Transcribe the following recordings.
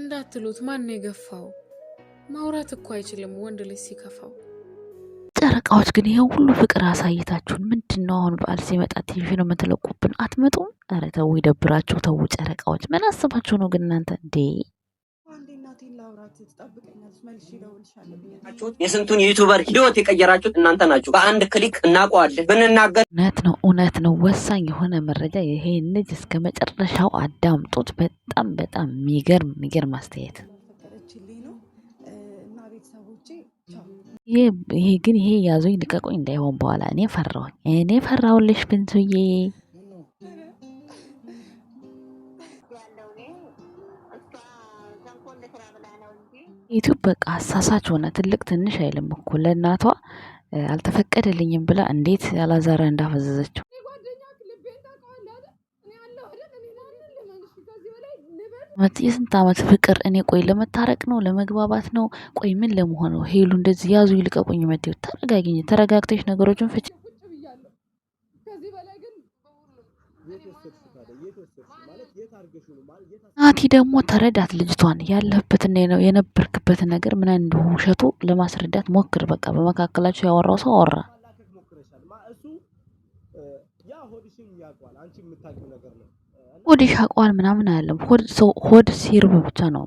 እንዳትሉት ማን የገፋው? ማውራት እኮ አይችልም ወንድ ልጅ ሲከፋው። ጨረቃዎች ግን ይሄ ሁሉ ፍቅር አሳይታችሁን ምንድን ነው አሁን በዓል ሲመጣ ቴንሽን የምትለቁብን? አትመጡም? ኧረ ተው ይደብራችሁ፣ ተው ጨረቃዎች። ምን አስባችሁ ነው ግን እናንተ እንዴ? የስንቱን ዩቱበር ህይወት የቀየራችሁት እናንተ ናችሁ። በአንድ ክሊክ እናውቀዋለን ብንናገር እውነት ነው እውነት ነው። ወሳኝ የሆነ መረጃ ይሄ ልጅ እስከ መጨረሻው አዳምጡት። በጣም በጣም የሚገርም የሚገርም አስተያየት ይሄ ግን ይሄ ያዙኝ ልቀቁኝ እንዳይሆን በኋላ እኔ ፈራሁኝ እኔ ፈራሁልሽ ብንቱዬ ዩቲዩብ በቃ አሳሳች ሆነ። ትልቅ ትንሽ አይልም እኮ ለእናቷ አልተፈቀደልኝም ብላ እንዴት አላዛራ እንዳፈዘዘችው የስንት ዓመት ፍቅር እኔ ቆይ ለመታረቅ ነው ለመግባባት ነው ቆይ ምን ለመሆን ነው ሄሉ እንደዚህ ያዙ ይልቀቁኝ መዴ ተረጋግኝ፣ ተረጋግተሽ ነገሮችን ፍች ናቲ ደግሞ ተረዳት ልጅቷን ያለህበትና የነበርክበት ነገር ምን እንደሆነ ውሸቱ ለማስረዳት ሞክር። በቃ በመካከላቸው ያወራው ሰው አወራ። ሆድሽ አቋል ምናምን አያለም። ሆድ ሲርብ ብቻ ነው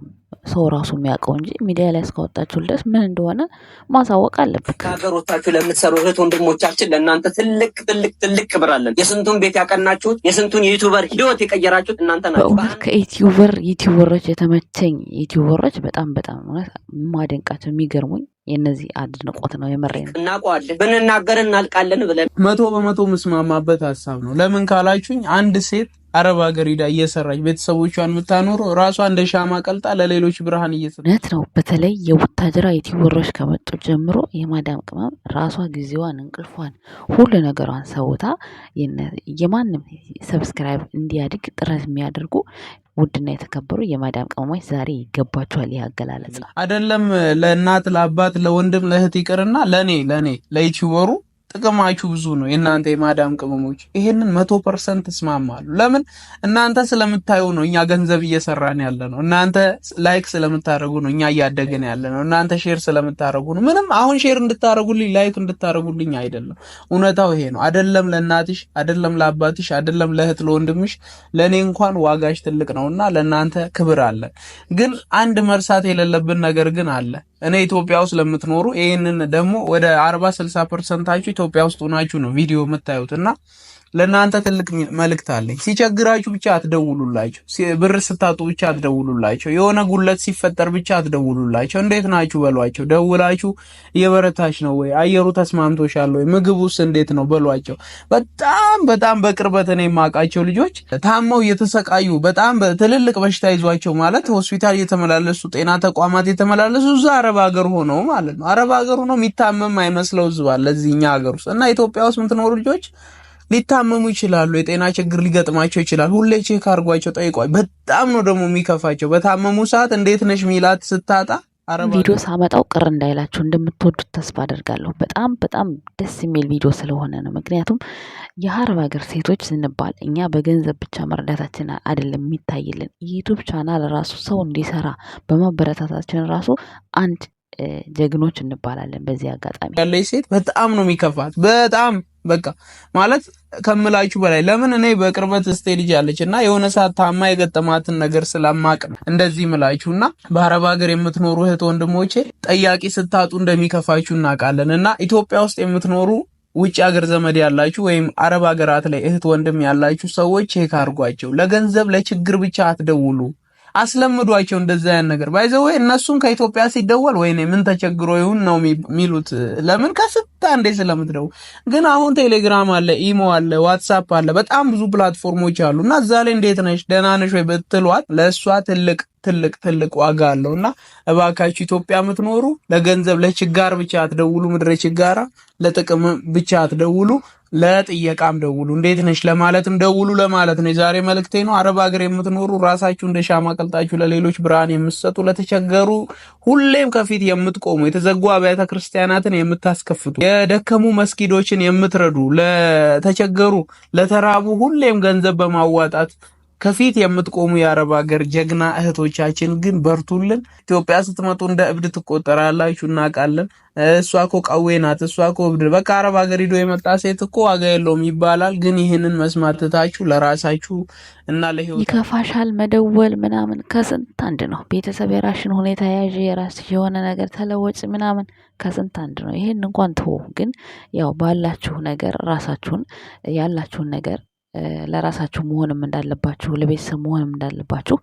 ሰው ራሱ የሚያውቀው እንጂ ሚዲያ ላይ እስካወጣችሁ ድረስ ምን እንደሆነ ማሳወቅ አለብን። ከሀገር ወታችሁ ለምትሰሩ እህት ወንድሞቻችን ለእናንተ ትልቅ ትልቅ ትልቅ ክብር አለን። የስንቱን ቤት ያቀናችሁት፣ የስንቱን ዩቱበር ህይወት የቀየራችሁት እናንተ ናችሁ። በእውነት ከዩቲዩበር ዩቲዩበሮች የተመቸኝ ዩቲዩበሮች በጣም በጣም እውነት ማደንቃቸው የሚገርሙኝ የነዚህ አድንቆት ነው። የመሬ ነው እናውቀዋለን፣ ብንናገር እናልቃለን ብለን መቶ በመቶ ምስማማበት ሀሳብ ነው። ለምን ካላችሁኝ አንድ ሴት አረብ ሀገር ሄዳ እየሰራች ቤተሰቦቿን የምታኖር ራሷ እንደ ሻማ ቀልጣ ለሌሎች ብርሃን እየሰ እውነት ነው። በተለይ የቡታጅራ የቲወሮች ከመጡ ጀምሮ የማዳም ቅመም ራሷ ጊዜዋን፣ እንቅልፏን፣ ሁሉ ነገሯን ሰውታ የማንም ሰብስክራይብ እንዲያድግ ጥረት የሚያደርጉ ውድና የተከበሩ የማዳም ቅመሞች ዛሬ ይገባቸዋል። ይህ አገላለጽ አይደለም ለእናት ለአባት ለወንድም ለእህት ይቅርና ለእኔ ለእኔ ለዩቲዩበሩ ጥቅማችሁ ብዙ ነው። የእናንተ የማዳም ቅመሞች ይሄንን መቶ ፐርሰንት እስማማሉ። ለምን እናንተ ስለምታዩ ነው እኛ ገንዘብ እየሰራን ያለ ነው። እናንተ ላይክ ስለምታደርጉ ነው እኛ እያደግን ያለ ነው። እናንተ ሼር ስለምታደረጉ ነው። ምንም አሁን ሼር እንድታደረጉልኝ ላይክ እንድታደርጉልኝ አይደለም። እውነታው ይሄ ነው። አይደለም ለእናትሽ፣ አይደለም ለአባትሽ፣ አይደለም ለእህት ለወንድምሽ፣ ለእኔ እንኳን ዋጋሽ ትልቅ ነውና ለእናንተ ክብር አለ። ግን አንድ መርሳት የሌለብን ነገር ግን አለ እኔ ኢትዮጵያ ውስጥ ለምትኖሩ ይህንን ደግሞ ወደ 40 60 ኢትዮጵያ ውስጥ ሆናችሁ ነው ቪዲዮ የምታዩት እና ለእናንተ ትልቅ መልእክት አለኝ። ሲቸግራችሁ ብቻ አትደውሉላቸው። ብር ስታጡ ብቻ አትደውሉላቸው። የሆነ ጉለት ሲፈጠር ብቻ አትደውሉላቸው። እንዴት ናችሁ በሏቸው። ደውላችሁ እየበረታች ነው ወይ፣ አየሩ ተስማምቶሻል ወይ፣ ምግቡስ እንዴት ነው በሏቸው። በጣም በጣም በቅርበት እኔ የማውቃቸው ልጆች ታመው እየተሰቃዩ በጣም ትልልቅ በሽታ ይዟቸው ማለት ሆስፒታል እየተመላለሱ ጤና ተቋማት የተመላለሱ እዛ አረብ ሀገር ሆነው ማለት ነው። አረብ ሀገር ሆነው የሚታመም አይመስለው ዝባል ለዚህኛ ሀገር ውስጥ እና ኢትዮጵያ ውስጥ የምትኖሩ ልጆች ሊታመሙ ይችላሉ። የጤና ችግር ሊገጥማቸው ይችላል። ሁሌ ቼክ አድርጓቸው ጠይቋል። በጣም ነው ደግሞ የሚከፋቸው። በታመሙ ሰዓት እንዴት ነሽ ሚላት ስታጣ ቪዲዮ ሳመጣው ቅር እንዳይላችሁ እንደምትወዱት ተስፋ አደርጋለሁ። በጣም በጣም ደስ የሚል ቪዲዮ ስለሆነ ነው። ምክንያቱም የአረብ ሀገር ሴቶች ስንባል እኛ በገንዘብ ብቻ መረዳታችን አይደለም የሚታይልን። ዩቱብ ቻናል ራሱ ሰው እንዲሰራ በማበረታታችን ራሱ አንድ ጀግኖች እንባላለን። በዚህ አጋጣሚ ያለች ሴት በጣም ነው የሚከፋት። በጣም በቃ ማለት ከምላችሁ በላይ ለምን እኔ በቅርበት እስቴ ልጅ ያለች እና የሆነ ሰዓት ታማ የገጠማትን ነገር ስለማቅ ነው እንደዚህ ምላችሁ እና በአረብ ሀገር የምትኖሩ እህት ወንድሞቼ ጠያቂ ስታጡ እንደሚከፋችሁ እናውቃለን እና ኢትዮጵያ ውስጥ የምትኖሩ ውጭ ሀገር ዘመድ ያላችሁ ወይም አረብ ሀገራት ላይ እህት ወንድም ያላችሁ ሰዎች ይህ ካርጓቸው ለገንዘብ ለችግር ብቻ አትደውሉ። አስለምዷቸው እንደዛ ያን ነገር ባይዘው እነሱም ከኢትዮጵያ ሲደወል ወይኔ ምን ተቸግሮ ይሁን ነው የሚሉት። ለምን ከስብ እንዴ ስለምትደውል። ግን አሁን ቴሌግራም አለ፣ ኢሞ አለ፣ ዋትሳፕ አለ፣ በጣም ብዙ ፕላትፎርሞች አሉ እና እዛ ላይ እንዴት ነሽ ደህና ነሽ ወይ ብትሏት ለእሷ ትልቅ ትልቅ ትልቅ ዋጋ አለው እና እባካችሁ ኢትዮጵያ የምትኖሩ ለገንዘብ ለችጋር ብቻ አትደውሉ። ምድረ ችጋራ ለጥቅም ብቻ አትደውሉ። ለጥየቃም ደውሉ፣ እንዴት ነሽ ለማለትም ደውሉ ለማለት ነው። የዛሬ መልእክቴ ነው። አረብ ሀገር የምትኖሩ ራሳችሁ እንደ ሻማ ቀልጣችሁ ለሌሎች ብርሃን የምትሰጡ ለተቸገሩ ሁሌም ከፊት የምትቆሙ የተዘጉ አብያተ ክርስቲያናትን የምታስከፍቱ ለደከሙ መስጊዶችን የምትረዱ ለተቸገሩ ለተራቡ ሁሌም ገንዘብ በማዋጣት ከፊት የምትቆሙ የአረብ ሀገር ጀግና እህቶቻችን ግን በርቱልን። ኢትዮጵያ ስትመጡ እንደ እብድ ትቆጠራላችሁ እናውቃለን። እሷ ኮ ቀዌ ናት፣ እሷ ኮ እብድ። በቃ አረብ ሀገር ሂዶ የመጣ ሴት እኮ ዋጋ የለውም ይባላል። ግን ይህንን መስማትታችሁ ለራሳችሁ እና ለህይወት ይከፋሻል። መደወል ምናምን ከስንት አንድ ነው። ቤተሰብ የራሽን ሁኔታ ያዥ፣ የራስ የሆነ ነገር ተለወጭ ምናምን ከስንት አንድ ነው። ይህን እንኳን ትሆ ግን ያው ባላችሁ ነገር ራሳችሁን ያላችሁን ነገር ለራሳችሁ መሆንም እንዳለባችሁ ለቤተሰብ መሆንም እንዳለባችሁ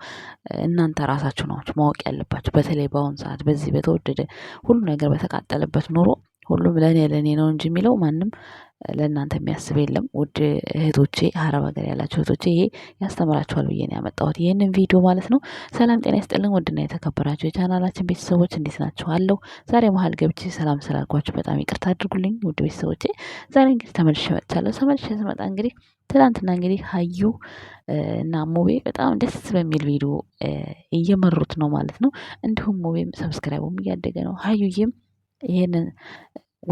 እናንተ ራሳችሁ ናችሁ ማወቅ ያለባችሁ። በተለይ በአሁኑ ሰዓት በዚህ በተወደደ ሁሉ ነገር በተቃጠለበት ኑሮ ሁሉም ለእኔ ለእኔ ነው እንጂ የሚለው ማንም ለእናንተ የሚያስብ የለም። ውድ እህቶቼ አረብ ሀገር ያላቸው እህቶቼ ይሄ ያስተምራችኋል ብዬ ነው ያመጣሁት ይህንን ቪዲዮ ማለት ነው። ሰላም ጤና ይስጥልን ውድና የተከበራቸው የቻናላችን ቤተሰቦች እንዴት ናቸው አለው ዛሬ መሀል ገብቼ ሰላም ስላልኳቸው በጣም ይቅርታ አድርጉልኝ። ውድ ቤተሰቦቼ ዛሬ እንግዲህ ተመልሼ መጥቻለሁ። ተመልሼ ስመጣ እንግዲህ ትላንትና እንግዲህ ሀዩ እና ሙቤ በጣም ደስ በሚል ቪዲዮ እየመሩት ነው ማለት ነው። እንዲሁም ሙቤም ሰብስክራይቡም እያደገ ነው። ሀዩዬም ይህንን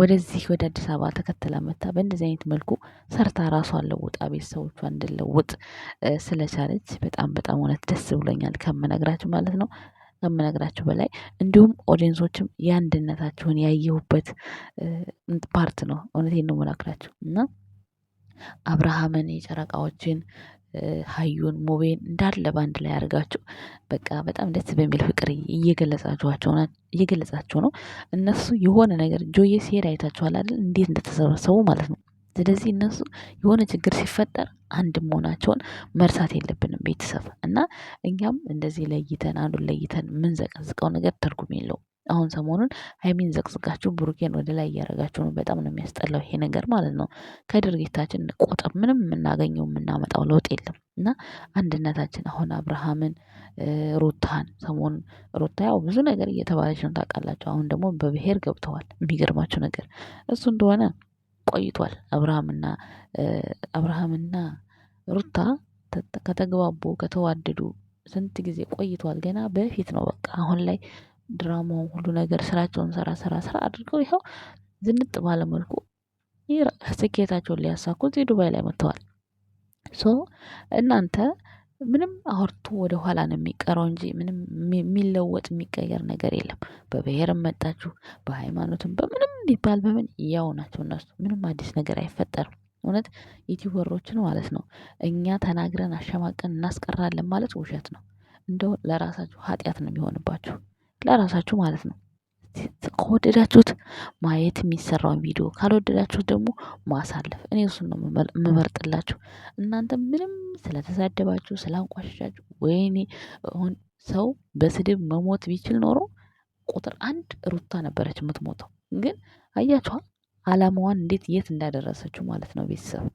ወደዚህ ወደ አዲስ አበባ ተከትላ መታ በእንደዚህ አይነት መልኩ ሰርታ ራሷን ለውጣ ቤተሰቦቿ እንድለውጥ ስለቻለች በጣም በጣም እውነት ደስ ብሎኛል ከምነግራችሁ ማለት ነው ከምነግራችሁ በላይ እንዲሁም ኦዲየንሶችም የአንድነታችሁን ያየሁበት ፓርት ነው። እውነቴን ነው የምነግራችሁ እና አብርሃምን የጨረቃዎችን ሀዩን ሙቤን እንዳለ በአንድ ላይ አድርጋችሁ በቃ በጣም ደስ በሚል ፍቅር እየገለጻችሁ ነው። እነሱ የሆነ ነገር ጆየ ሲሄድ አይታችኋል አይደል? እንዴት እንደተሰበሰቡ ማለት ነው። ስለዚህ እነሱ የሆነ ችግር ሲፈጠር አንድ መሆናቸውን መርሳት የለብንም ቤተሰብ እና እኛም እንደዚህ ለይተን አንዱን ለይተን ምን ዘቀዝቀው ነገር ትርጉም የለውም። አሁን ሰሞኑን ሀይሚን ዘቅዝቃችሁ ብሩኬን ወደ ላይ እያደረጋችሁ ነው። በጣም ነው የሚያስጠላው ይሄ ነገር ማለት ነው። ከድርጊታችን ቆጠብ። ምንም የምናገኘው የምናመጣው ለውጥ የለም እና አንድነታችን አሁን አብርሃምን ሩታን ሰሞኑን ሩታ ያው ብዙ ነገር እየተባለች ነው ታውቃላችሁ። አሁን ደግሞ በብሔር ገብተዋል። የሚገርማችሁ ነገር እሱ እንደሆነ ቆይቷል። አብርሃምና አብርሃምና ሩታ ከተግባቡ ከተዋደዱ ስንት ጊዜ ቆይቷል። ገና በፊት ነው በቃ አሁን ላይ ድራማው ሁሉ ነገር ስራቸውን ስራ ስራ ስራ አድርገው ይኸው ዝንጥ ባለመልኩ ስኬታቸውን ሊያሳኩት የዱባይ ላይ መጥተዋል። ሶ እናንተ ምንም አውርቶ ወደ ኋላ ነው የሚቀረው እንጂ ምንም የሚለወጥ የሚቀየር ነገር የለም። በብሔርም መጣችሁ በሃይማኖትም በምንም ቢባል በምን ያው ናቸው እነሱ። ምንም አዲስ ነገር አይፈጠርም። እውነት ዩቲዩበሮችን ማለት ነው እኛ ተናግረን አሸማቀን እናስቀራለን ማለት ውሸት ነው። እንደው ለራሳችሁ ኃጢአት ነው የሚሆንባችሁ። ለራሳችሁ ማለት ነው። ከወደዳችሁት ማየት የሚሰራውን ቪዲዮ ካልወደዳችሁት ደግሞ ማሳለፍ። እኔ እሱን ነው የምመርጥላችሁ። እናንተ ምንም ስለተሳደባችሁ ስላንቋሸሻችሁ ወይኔ አሁን ሰው በስድብ መሞት ቢችል ኖሮ ቁጥር አንድ ሩታ ነበረች የምትሞተው። ግን አያችኋ አላማዋን እንዴት የት እንዳደረሰችው ማለት ነው ቤተሰብ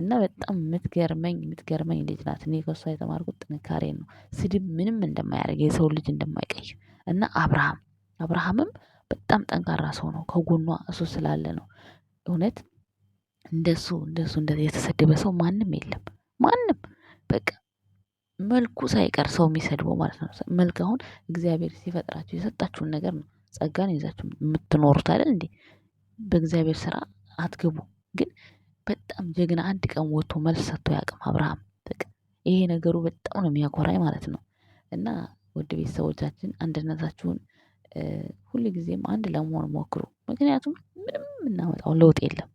እና በጣም የምትገርመኝ የምትገርመኝ ልጅ ናት። እኔ ከሷ የተማርኩት ጥንካሬ ነው። ስድብ ምንም እንደማያደርግ የሰው ልጅ እንደማይቀይር እና አብርሃም አብርሃምም በጣም ጠንካራ ሰው ነው። ከጎኗ እሱ ስላለ ነው። እውነት እንደሱ እንደሱ የተሰደበ ሰው ማንም የለም። ማንም በቃ መልኩ ሳይቀር ሰው የሚሰድበው ማለት ነው። መልክ አሁን እግዚአብሔር ሲፈጥራችሁ የሰጣችሁን ነገር ነው። ጸጋን ይዛችሁ የምትኖሩት አይደል እንዴ? በእግዚአብሔር ስራ አትገቡ። ግን በጣም ጀግና አንድ ቀን ወጥቶ መልስ ሰጥቶ አያውቅም አብርሃም። በቃ ይሄ ነገሩ በጣም ነው የሚያኮራኝ ማለት ነው። እና ውድ ቤተሰቦቻችን አንድነታችሁን ሁል ጊዜም አንድ ለመሆን ሞክሩ። ምክንያቱም ምንም የምናመጣው ለውጥ የለም።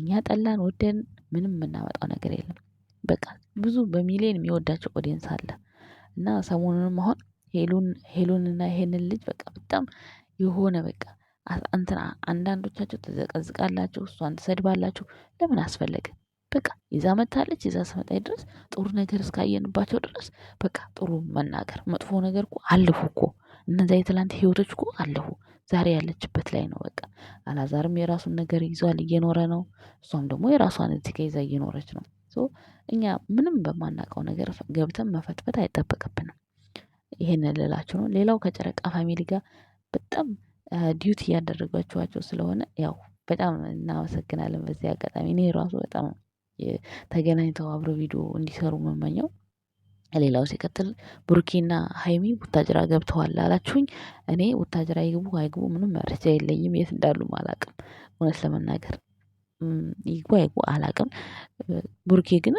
እኛ ጠላን ወደን ምንም የምናመጣው ነገር የለም። በቃ ብዙ በሚሊዮን የሚወዳቸው ኦዲየንስ አለ። እና ሰሞኑንም አሁን ሄሉን ሄሉንና ይሄንን ልጅ በቃ በጣም የሆነ በቃ እንትና አንዳንዶቻችሁ ትዘቀዝቃላችሁ እሷን ትሰድባላችሁ። ለምን አስፈለገ? በቃ ይዛ መታለች ይዛ እስመጣች ድረስ ጥሩ ነገር እስካየንባቸው ድረስ በቃ ጥሩ መናገር መጥፎ ነገር እኮ አለፉ እኮ እነዛ የትላንት ህይወቶች እኮ አለፉ። ዛሬ ያለችበት ላይ ነው። በቃ አላዛርም የራሱን ነገር ይዟል እየኖረ ነው። እሷም ደግሞ የራሷን እዚህ ጋር ይዛ እየኖረች ነው። እኛ ምንም በማናውቀው ነገር ገብተን መፈትፈት አይጠበቅብንም። ይህን ልላችሁ ነው። ሌላው ከጨረቃ ፋሚሊ ጋር በጣም ዲዩቲ እያደረጋችኋቸው ስለሆነ ያው በጣም እናመሰግናለን። በዚህ አጋጣሚ እኔ ራሱ በጣም ተገናኝተው አብረ ቪዲዮ እንዲሰሩ መመኘው። ሌላው ሲቀጥል ብሩኬና ሀይሚ ቡታጅራ ገብተዋል አላችሁኝ እኔ ቡታጅራ ይግቡ አይግቡ ምንም መረጃ የለኝም። የት እንዳሉም አላቅም እውነት ለመናገር ይግቡ አይግቡ አላቅም። ብሩኬ ግን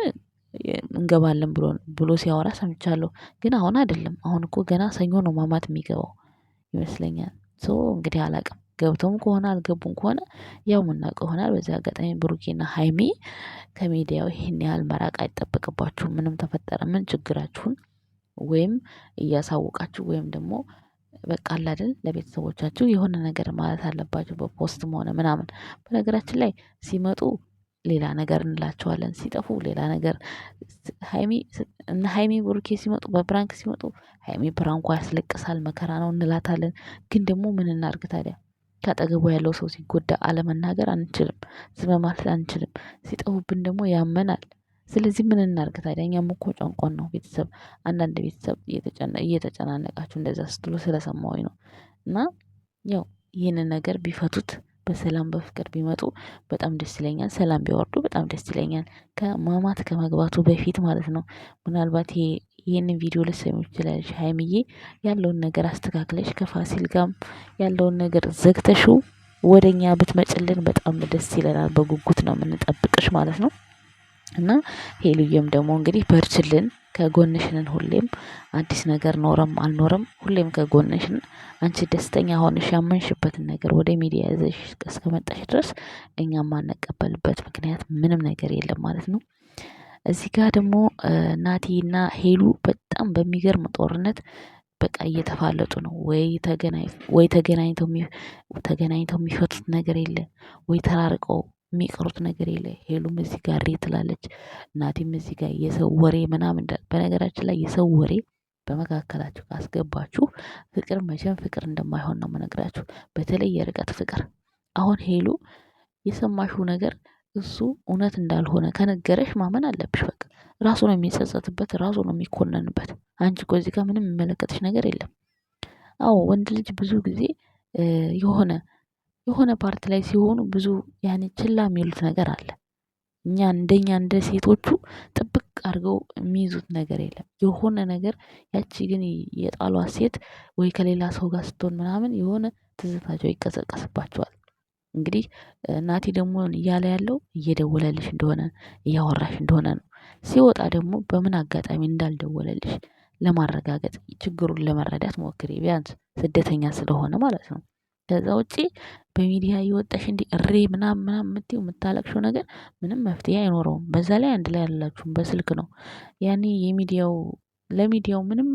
እንገባለን ብሎ ብሎ ሲያወራ ሰምቻለሁ። ግን አሁን አይደለም። አሁን እኮ ገና ሰኞ ነው ማማት የሚገባው ይመስለኛል። ሶ እንግዲህ አላቅም። ገብተውም ከሆነ አልገቡም ከሆነ ያው የምናውቀው ይሆናል። በዚህ አጋጣሚ ብሩኬና ሀይሚ ከሚዲያው ይህን ያህል መራቅ አይጠበቅባችሁም። ምንም ተፈጠረ ምን ችግራችሁን ወይም እያሳወቃችሁ ወይም ደግሞ በቃ አላደል ለቤተሰቦቻችሁ የሆነ ነገር ማለት አለባችሁ፣ በፖስትም ሆነ ምናምን። በነገራችን ላይ ሲመጡ ሌላ ነገር እንላቸዋለን፣ ሲጠፉ ሌላ ነገር። እነ ሃይሚ ብሩኬ ሲመጡ በብራንክ ሲመጡ ሃይሚ ብራንኳ ያስለቅሳል መከራ ነው እንላታለን። ግን ደግሞ ምን እናርግ ታዲያ? ከአጠገቡ ያለው ሰው ሲጎዳ አለመናገር አንችልም ዝም ማለት አንችልም ሲጠፉብን ደግሞ ያመናል። ስለዚህ ምን እናድርግ ታዲያ እኛም እኮ ጨንቆን ነው ቤተሰብ አንዳንድ ቤተሰብ እየተጨናነቃችሁ እንደዛ ስትሉ ስለሰማሁኝ ነው። እና ያው ይህንን ነገር ቢፈቱት በሰላም በፍቅር ቢመጡ በጣም ደስ ይለኛል። ሰላም ቢያወርዱ በጣም ደስ ይለኛል። ከማማት ከመግባቱ በፊት ማለት ነው። ምናልባት ይሄ ቪዲዮ ልትሰሚው ትችያለሽ። ሀይምዬ ያለውን ነገር አስተካክለሽ ከፋሲል ጋም ያለውን ነገር ዘግተሹ ወደ እኛ ብትመጭልን በጣም ደስ ይለናል። በጉጉት ነው የምንጠብቅሽ ማለት ነው። እና ሄሉዬም ደግሞ እንግዲህ በርችልን ከጎንሽንን ሁሌም አዲስ ነገር ኖረም አልኖረም ሁሌም ከጎንሽን አንቺ ደስተኛ ሆንሽ ያመንሽበትን ነገር ወደ ሚዲያ ይዘሽ እስከመጣሽ ድረስ እኛ የማንቀበልበት ምክንያት ምንም ነገር የለም ማለት ነው። እዚህ ጋር ደግሞ እና ሄሉ በጣም በሚገርም ጦርነት በቃ እየተፋለጡ ነው። ወይ ተገናኝተው የሚፈጡት የሚፈቱት ነገር የለ ወይ ተራርቀው የሚቀሩት ነገር የለ። ሄሉም እዚህ ጋር ሬ ትላለች፣ እናቴም እዚህ ጋር የሰው ወሬ ምናምን። በነገራችን ላይ የሰው ወሬ በመካከላችሁ ካስገባችሁ ፍቅር መቼም ፍቅር እንደማይሆን ነው መነግራችሁ፣ በተለይ የርቀት ፍቅር። አሁን ሄሉ የሰማሽው ነገር እሱ እውነት እንዳልሆነ ከነገረሽ ማመን አለብሽ። በቃ ራሱ ነው የሚጸጸትበት፣ ራሱ ነው የሚኮነንበት። አንቺ እኮ እዚህ ጋር ምንም የሚመለከትሽ ነገር የለም። አዎ ወንድ ልጅ ብዙ ጊዜ የሆነ የሆነ ፓርት ላይ ሲሆኑ ብዙ ያኔ ችላ የሚሉት ነገር አለ። እኛ እንደኛ እንደ ሴቶቹ ጥብቅ አድርገው የሚይዙት ነገር የለም። የሆነ ነገር ያቺ ግን የጣሏት ሴት ወይ ከሌላ ሰው ጋር ስትሆን ምናምን የሆነ ትዝታቸው ይቀሰቀስባቸዋል። እንግዲህ እናቴ ደግሞ እያለ ያለው እየደወለልሽ እንደሆነ እያወራሽ እንደሆነ ነው። ሲወጣ ደግሞ በምን አጋጣሚ እንዳልደወለልሽ ለማረጋገጥ ችግሩን ለመረዳት ሞክሪ። ቢያንስ ስደተኛ ስለሆነ ማለት ነው ከዛ ውጪ በሚዲያ እየወጣሽ እንዲህ እሬ ምናም ምናም የምትይው የምታለቅሺው ነገር ምንም መፍትሄ አይኖረውም። በዛ ላይ አንድ ላይ ያላችሁም በስልክ ነው። ያኔ የሚዲያው ለሚዲያው ምንም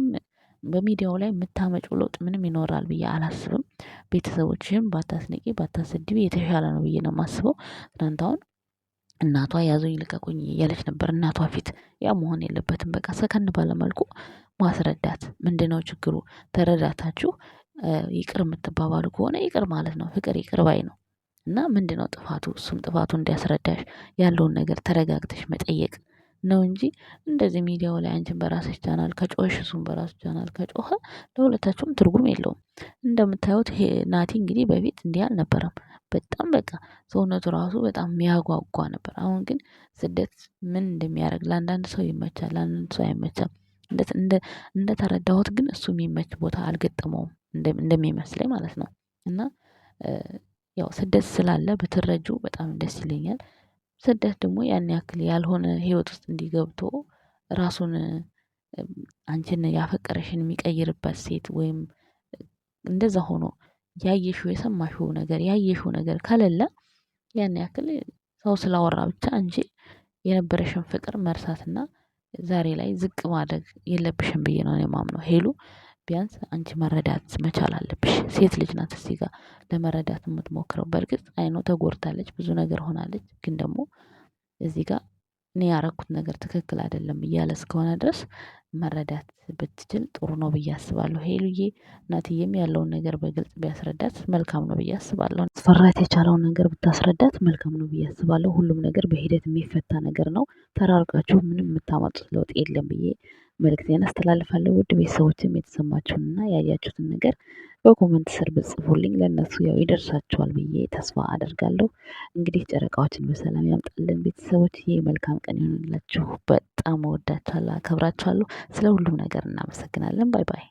በሚዲያው ላይ የምታመጭው ለውጥ ምንም ይኖራል ብዬ አላስብም። ቤተሰቦችም ባታስንቂ ባታሰድቢ የተሻለ ነው ብዬ ነው የማስበው። ትናንት አሁን እናቷ ያዙኝ ልቀቁኝ እያለች ነበር እናቷ ፊት ያ መሆን የለበትም። በቃ ሰከን ባለ መልኩ ማስረዳት ምንድነው ችግሩ ተረዳታችሁ ይቅር የምትባባሉ ከሆነ ይቅር ማለት ነው። ፍቅር ይቅር ባይ ነው። እና ምንድነው ጥፋቱ? እሱም ጥፋቱ እንዲያስረዳሽ ያለውን ነገር ተረጋግተሽ መጠየቅ ነው እንጂ እንደዚህ ሚዲያው ላይ አንቺን በራስሽ ቻናል ከጮሽ እሱም በራሱ ቻናል ከጮኸ ለሁለታችሁም ትርጉም የለውም። እንደምታዩት ናቲ እንግዲህ በፊት እንዲህ አልነበረም። በጣም በቃ ሰውነቱ ራሱ በጣም የሚያጓጓ ነበር። አሁን ግን ስደት ምን እንደሚያደርግ ለአንዳንድ ሰው ይመቻል፣ ለአንዳንድ ሰው አይመቻም። እንደተረዳሁት ግን እሱ የሚመች ቦታ አልገጠመውም። እንደሚመስለኝ ማለት ነው። እና ያው ስደት ስላለ ብትረጁ በጣም ደስ ይለኛል። ስደት ደግሞ ያን ያክል ያልሆነ ህይወት ውስጥ እንዲገብቶ ራሱን አንቺን ያፈቀረሽን የሚቀይርበት ሴት ወይም እንደዛ ሆኖ ያየሽው የሰማሽው ነገር ያየሽው ነገር ከሌለ ያን ያክል ሰው ስላወራ ብቻ እንጂ የነበረሽን ፍቅር መርሳትና ዛሬ ላይ ዝቅ ማድረግ የለብሽም ብዬ ነው የማምነው ሄሉ ቢያንስ አንቺ መረዳት መቻል አለብሽ። ሴት ልጅ ናት እዚህ ጋር ለመረዳት የምትሞክረው በእርግጥ አይኖ ተጎርታለች ተጎድታለች ብዙ ነገር ሆናለች ግን ደግሞ እዚህ ጋር እኔ ያረኩት ነገር ትክክል አይደለም እያለ እስከሆነ ድረስ መረዳት ብትችል ጥሩ ነው ብዬ አስባለሁ። ሄሉዬ እናትዬም ያለውን ነገር በግልጽ ቢያስረዳት መልካም ነው ብዬ አስባለሁ። ስፈራት የቻለውን ነገር ብታስረዳት መልካም ነው ብዬ አስባለሁ። ሁሉም ነገር በሂደት የሚፈታ ነገር ነው። ተራርቃችሁ ምንም የምታመጡት ለውጥ የለም ብዬ መልእክቴን አስተላልፋለሁ። ውድ ቤተሰቦችም የተሰማችሁንና ያያችሁትን ነገር በኮመንት ስር ብጽፉልኝ ለእነሱ ያው ይደርሳቸዋል ብዬ ተስፋ አደርጋለሁ። እንግዲህ ጨረቃዎችን በሰላም ያምጣልን። ቤተሰቦች ይህ መልካም ቀን ይሆንላችሁ። በጣም እወዳችኋለሁ፣ አከብራችኋለሁ። ስለ ሁሉም ነገር እናመሰግናለን። ባይ ባይ።